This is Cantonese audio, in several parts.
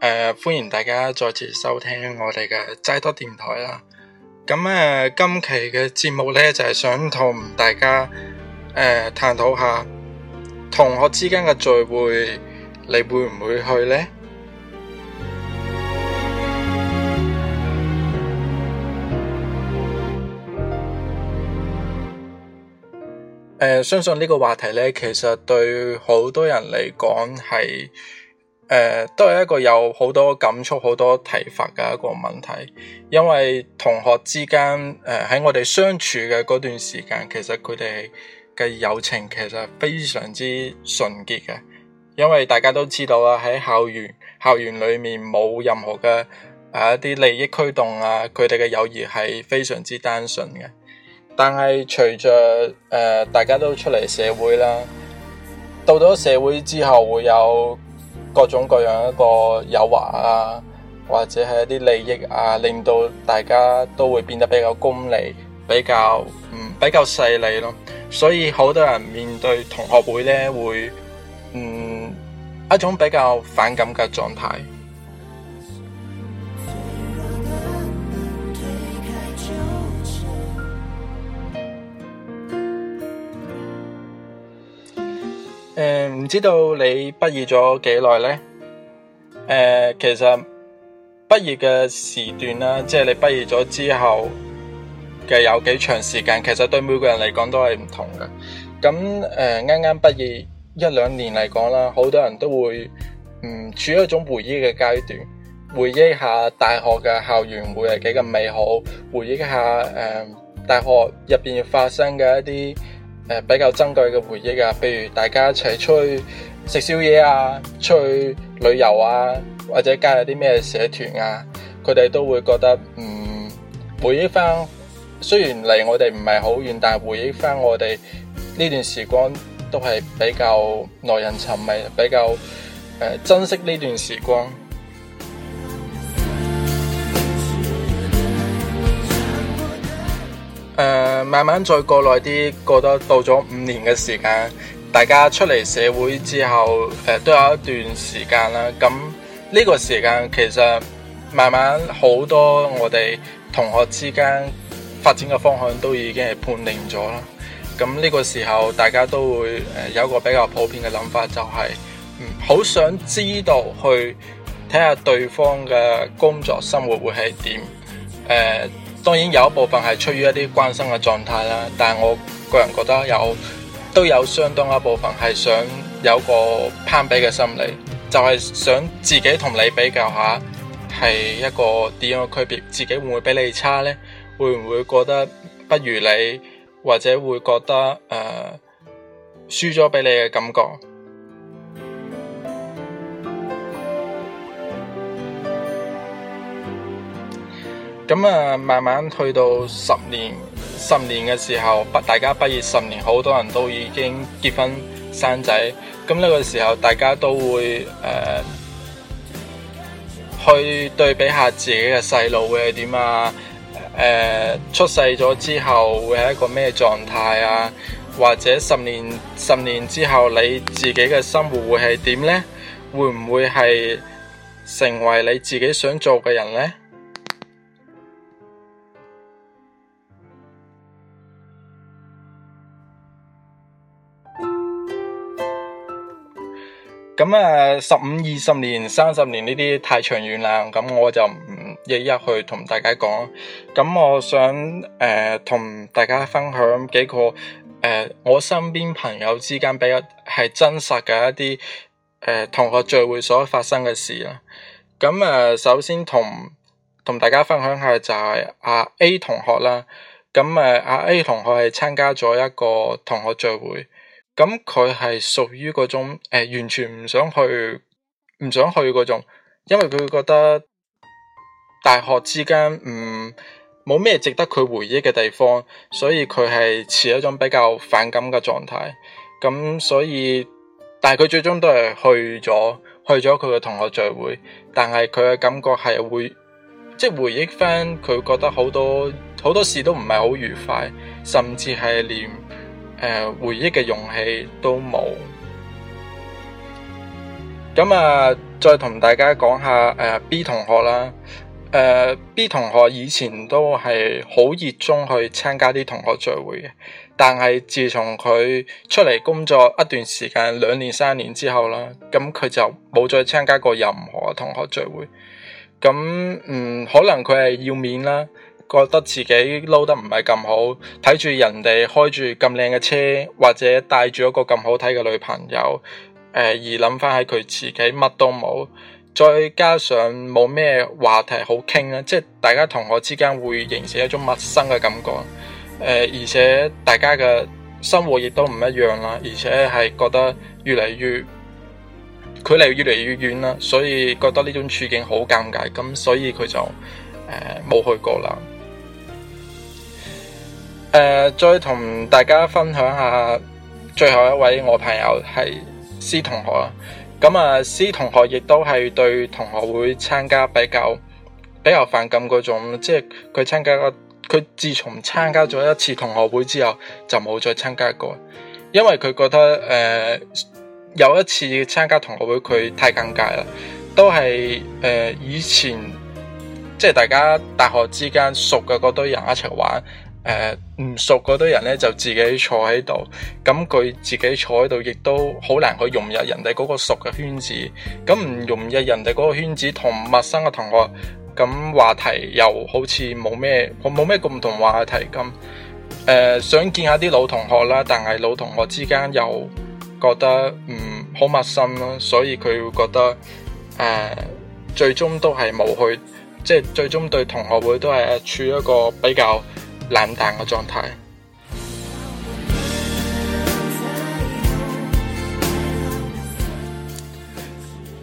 誒、呃，歡迎大家再次收聽我哋嘅齋多電台啦。咁誒、呃，今期嘅節目呢，就係、是、想同大家誒、呃、探討下同學之間嘅聚會，你會唔會去呢？誒、嗯呃，相信呢個話題呢，其實對好多人嚟講係。誒、呃，都係一個有好多感觸、好多睇法嘅一個問題。因為同學之間，誒、呃、喺我哋相處嘅嗰段時間，其實佢哋嘅友情其實非常之純潔嘅。因為大家都知道啦、啊，喺校園校園裏面冇任何嘅啊一啲利益驅動啊，佢哋嘅友誼係非常之單純嘅。但係隨着誒、呃，大家都出嚟社會啦，到咗社會之後會有。各種各樣一個誘惑啊，或者係一啲利益啊，令到大家都會變得比較功利，比較嗯比較勢利咯。所以好多人面對同學會咧，會嗯一種比較反感嘅狀態。唔知道你畢業咗幾耐呢？誒，其實畢業嘅時段啦，即係你畢業咗之後嘅有幾長時間，其實對每個人嚟講都係唔同嘅。咁誒，啱啱畢業一兩年嚟講啦，好多人都會唔處於一種回憶嘅階段，回憶下大學嘅校園會係幾咁美好，回憶下誒大學入邊發生嘅一啲。誒，比較珍貴嘅回憶啊，譬如大家一齊出去食宵夜啊，出去旅遊啊，或者加入啲咩社團啊，佢哋都會覺得，嗯，回憶翻，雖然離我哋唔係好遠，但係回憶翻我哋呢段時光都係比較耐人尋味，比較誒珍惜呢段時光。慢慢再過耐啲，過得到咗五年嘅時間，大家出嚟社會之後，誒、呃、都有一段時間啦。咁呢個時間其實慢慢好多我哋同學之間發展嘅方向都已經係判定咗啦。咁呢個時候大家都會誒有一個比較普遍嘅諗法，就係、嗯、好想知道去睇下對方嘅工作生活會係點，誒、呃。當然有一部分係出於一啲關心嘅狀態啦，但係我個人覺得有都有相當一部分係想有個攀比嘅心理，就係、是、想自己同你比較下係一個點樣嘅區別，自己會唔會比你差呢？會唔會覺得不如你，或者會覺得誒、呃、輸咗俾你嘅感覺？咁啊，慢慢去到十年、十年嘅時候，大家畢業十年，好多人都已經結婚生仔。咁呢個時候，大家都會誒、呃，去對比下自己嘅細路會係點啊？誒、呃，出世咗之後會係一個咩狀態啊？或者十年、十年之後你自己嘅生活會係點咧？會唔會係成為你自己想做嘅人咧？咁啊，十五、二十年、三十年呢啲太長遠啦，咁我就唔一一去同大家講。咁我想誒同、呃、大家分享幾個誒、呃、我身邊朋友之間比較係真實嘅一啲誒、呃、同學聚會所發生嘅事啦。咁誒、呃、首先同同大家分享下就係阿 A 同學啦。咁誒阿 A 同學係參加咗一個同學聚會。咁佢係屬於嗰種誒、呃，完全唔想去，唔想去嗰種，因為佢會覺得大學之間唔冇咩值得佢回憶嘅地方，所以佢係持一種比較反感嘅狀態。咁所以，但係佢最終都係去咗，去咗佢嘅同學聚會，但係佢嘅感覺係會即係回憶返，佢覺得好多好多事都唔係好愉快，甚至係連。誒，回憶嘅勇氣都冇。咁啊，再同大家講下誒 B 同學啦。誒、呃，B 同學以前都係好熱衷去參加啲同學聚會嘅，但係自從佢出嚟工作一段時間，兩年三年之後啦，咁佢就冇再參加過任何同學聚會。咁嗯，可能佢係要面啦。覺得自己撈得唔係咁好，睇住人哋開住咁靚嘅車，或者帶住一個咁好睇嘅女朋友，呃、而諗翻喺佢自己乜都冇，再加上冇咩話題好傾啦，即係大家同學之間會形成一種陌生嘅感覺、呃，而且大家嘅生活亦都唔一樣啦，而且係覺得越嚟越距離越嚟越遠啦，所以覺得呢種處境好尷尬，咁所以佢就呃、冇去過啦。誒、呃，再同大家分享下最後一位我朋友係 C 同學啦。咁啊，C 同學亦都係對同學會參加比較比較反感嗰種，即係佢參加過，佢自從參加咗一次同學會之後，就冇再參加過，因為佢覺得誒、呃、有一次參加同學會佢太尷尬啦，都係誒、呃、以前即係大家大學之間熟嘅嗰堆人一齊玩。誒，唔熟嗰堆人咧，就自己坐喺度。咁佢自己坐喺度，亦都好難去融入人哋嗰個熟嘅圈子。咁唔融入人哋嗰個圈子，同陌生嘅同學，咁話題又好似冇咩，冇冇咩共同話題咁。誒，想見下啲老同學啦，但係老同學之間又覺得唔好陌生咯，所以佢會覺得誒，最終都係冇去，即係最終對同學會都係處一個比較。冷淡嘅狀態。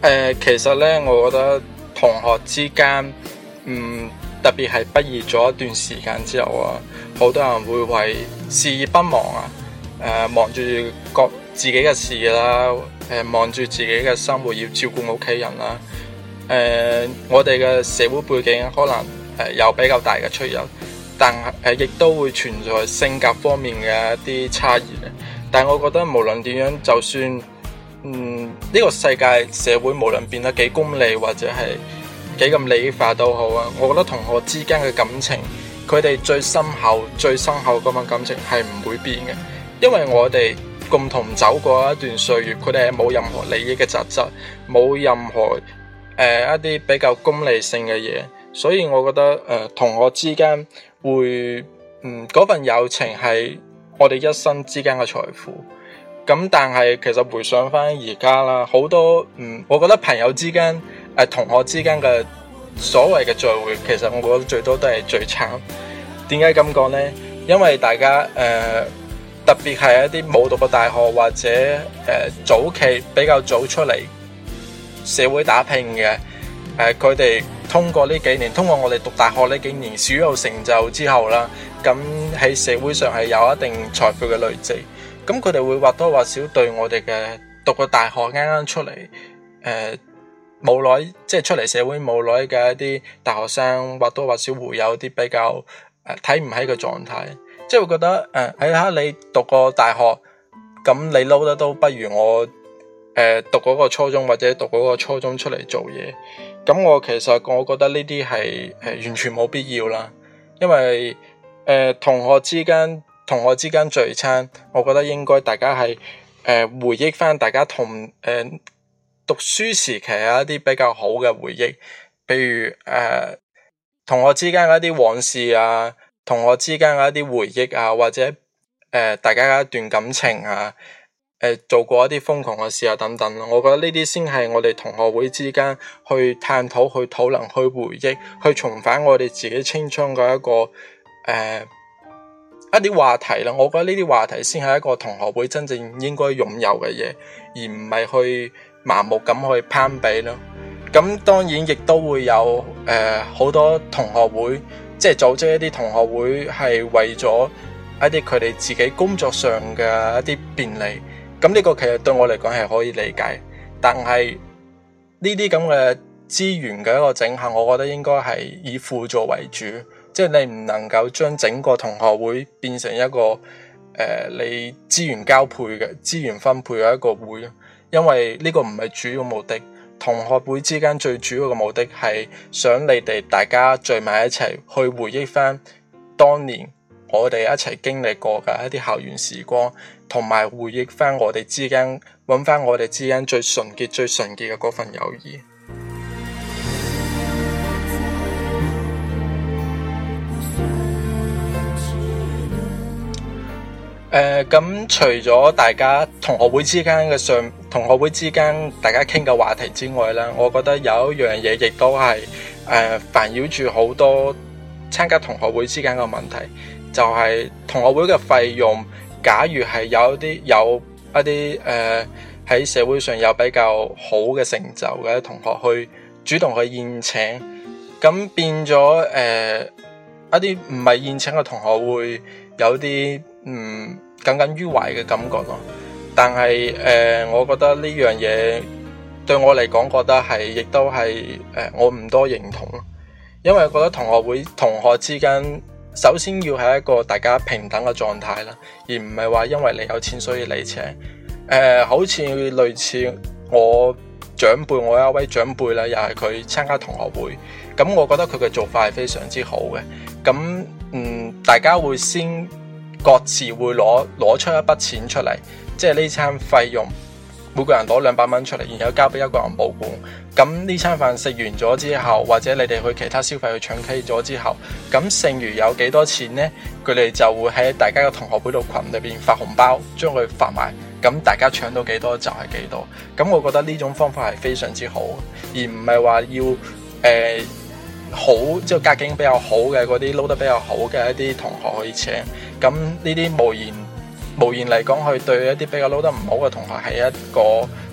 誒、呃，其實咧，我覺得同學之間，嗯，特別係畢業咗一段時間之後啊，好多人會為事業不忙啊，誒、呃，忙住各自己嘅事啦，誒、呃，忙住自己嘅生活，要照顧屋企人啦，誒、呃，我哋嘅社會背景可能誒有比較大嘅出入。但係亦都會存在性格方面嘅一啲差異。但係我覺得，無論點樣，就算嗯呢個世界社會無論變得幾功利或者係幾咁利益化都好啊，我覺得同學之間嘅感情，佢哋最深厚、最深厚嗰份感情係唔會變嘅，因為我哋共同走過一段歲月，佢哋係冇任何利益嘅雜質，冇任何、呃、一啲比較功利性嘅嘢。所以我覺得誒、呃，同學之間會嗯嗰份友情係我哋一生之間嘅財富。咁但係其實回想翻而家啦，好多嗯，我覺得朋友之間誒、呃、同學之間嘅所謂嘅聚會，其實我覺得最多都係聚餐。點解咁講呢？因為大家誒、呃，特別係一啲冇讀過大學或者誒、呃、早期比較早出嚟社會打拼嘅誒，佢、呃、哋。通過呢幾年，通過我哋讀大學呢幾年，小有成就之後啦，咁喺社會上係有一定財富嘅累積。咁佢哋會或多或少對我哋嘅讀過大學啱啱出嚟，誒、呃、冇耐，即係出嚟社會冇耐嘅一啲大學生，或多或少會有啲比較誒睇唔起嘅狀態，即係會覺得誒睇下，呃、看看你讀過大學，咁你撈得都不如我誒、呃、讀嗰個初中或者讀嗰個初中出嚟做嘢。咁我其實我覺得呢啲係誒完全冇必要啦，因為誒、呃、同學之間同學之間聚餐，我覺得應該大家係誒、呃、回憶翻大家同誒、呃、讀書時期啊一啲比較好嘅回憶，比如誒、呃、同學之間嘅一啲往事啊，同學之間嘅一啲回憶啊，或者誒、呃、大家嘅一段感情啊。誒，做過一啲瘋狂嘅事啊，等等，我覺得呢啲先係我哋同學會之間去探討、去討論、去回憶、去重返我哋自己青春嘅一個誒、呃、一啲話題啦。我覺得呢啲話題先係一個同學會真正應該擁有嘅嘢，而唔係去盲目咁去攀比咯。咁當然亦都會有誒好、呃、多同學會，即係組織一啲同學會係為咗一啲佢哋自己工作上嘅一啲便利。咁呢個其實對我嚟講係可以理解，但係呢啲咁嘅資源嘅一個整合，我覺得應該係以輔助為主，即係你唔能夠將整個同學會變成一個誒、呃、你資源交配嘅資源分配嘅一個會，因為呢個唔係主要目的。同學會之間最主要嘅目的係想你哋大家聚埋一齊去回憶翻當年。我哋一齊經歷過嘅一啲校園時光，同埋回憶翻我哋之間，揾翻我哋之間最純潔、最純潔嘅嗰份友誼。誒，咁、 呃、除咗大家同學會之間嘅上，同學會之間大家傾嘅話題之外呢，我覺得有一樣嘢亦都係誒，煩擾住好多參加同學會之間嘅問題。就係、是、同學會嘅費用，假如係有一啲有一啲誒喺社會上有比較好嘅成就嘅同學去主動去宴請，咁變咗誒、呃、一啲唔係宴請嘅同學會有啲嗯耿耿於懷嘅感覺咯。但係誒、呃，我覺得呢樣嘢對我嚟講，覺得係亦都係誒、呃，我唔多認同咯，因為我覺得同學會同學之間。首先要係一個大家平等嘅狀態啦，而唔係話因為你有錢所以你請。誒、呃，好似類似我長輩，我有一位長輩啦，又係佢參加同學會，咁我覺得佢嘅做法係非常之好嘅。咁嗯，大家會先各自會攞攞出一筆錢出嚟，即係呢餐費用。每個人攞兩百蚊出嚟，然後交俾一個人保管。咁呢餐飯食完咗之後，或者你哋去其他消費去唱 K 咗之後，咁剩餘有幾多錢呢？佢哋就會喺大家嘅同學會度群裏邊發紅包，將佢發埋。咁大家搶到幾多就係幾多。咁我覺得呢種方法係非常之好、呃、好，而唔係話要誒好即係家境比較好嘅嗰啲撈得比較好嘅一啲同學可以請。咁呢啲無言。無形嚟講，佢對一啲比較撈得唔好嘅同學係一個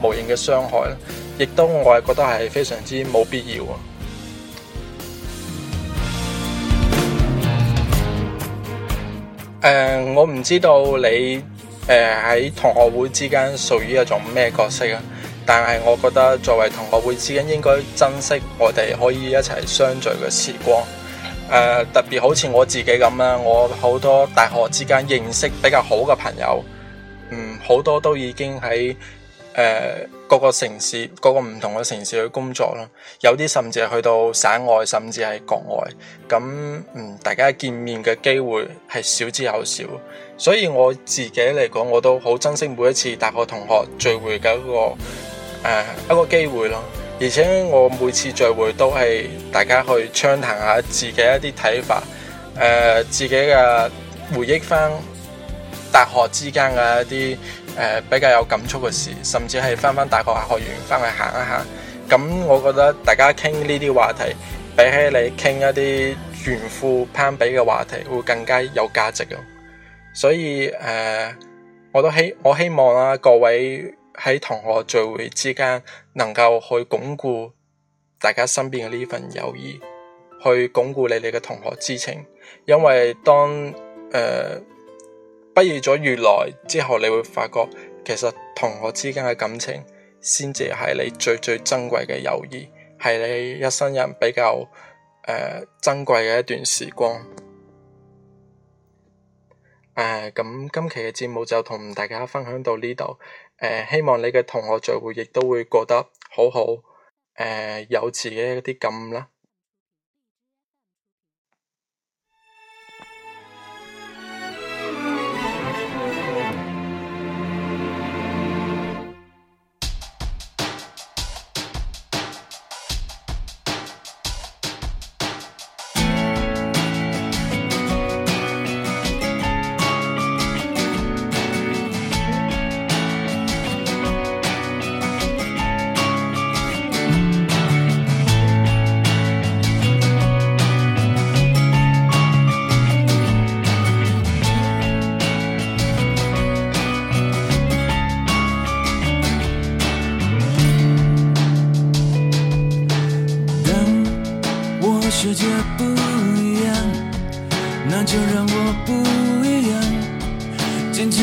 無形嘅傷害，亦都我係覺得係非常之冇必要啊、嗯。我唔知道你誒喺同學會之間屬於一種咩角色啊？但係我覺得作為同學會之間應該珍惜我哋可以一齊相聚嘅時光。誒、呃，特別好似我自己咁啦，我好多大學之間認識比較好嘅朋友，嗯，好多都已經喺誒、呃、各個城市、各個唔同嘅城市去工作啦，有啲甚至係去到省外，甚至係國外。咁嗯，大家見面嘅機會係少之又少，所以我自己嚟講，我都好珍惜每一次大學同學聚會嘅一個誒、呃、一個機會咯。而且我每次聚會都係大家去暢談下自己一啲睇法，誒、呃，自己嘅回憶翻大學之間嘅一啲誒、呃、比較有感觸嘅事，甚至係翻翻大學校園，翻去行一下。咁我覺得大家傾呢啲話題，比起你傾一啲炫富攀比嘅話題，會更加有價值嘅。所以誒、呃，我都希我希望啦、啊，各位。喺同學聚會之間，能夠去鞏固大家身邊嘅呢份友誼，去鞏固你哋嘅同學之情。因為當誒、呃、畢業咗越耐之後，你會發覺其實同學之間嘅感情，先至係你最最珍貴嘅友誼，係你一生人比較誒、呃、珍貴嘅一段時光。誒、呃，咁今期嘅節目就同大家分享到呢度。呃、希望你嘅同學聚會亦都會過得好好，誒、呃、有自己一啲感悟啦～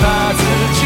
把自己。